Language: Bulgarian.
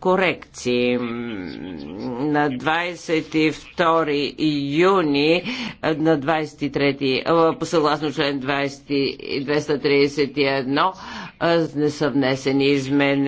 корекции. На 22 юни, на 23, по съгласно член 20, 231, не са внесени изменения.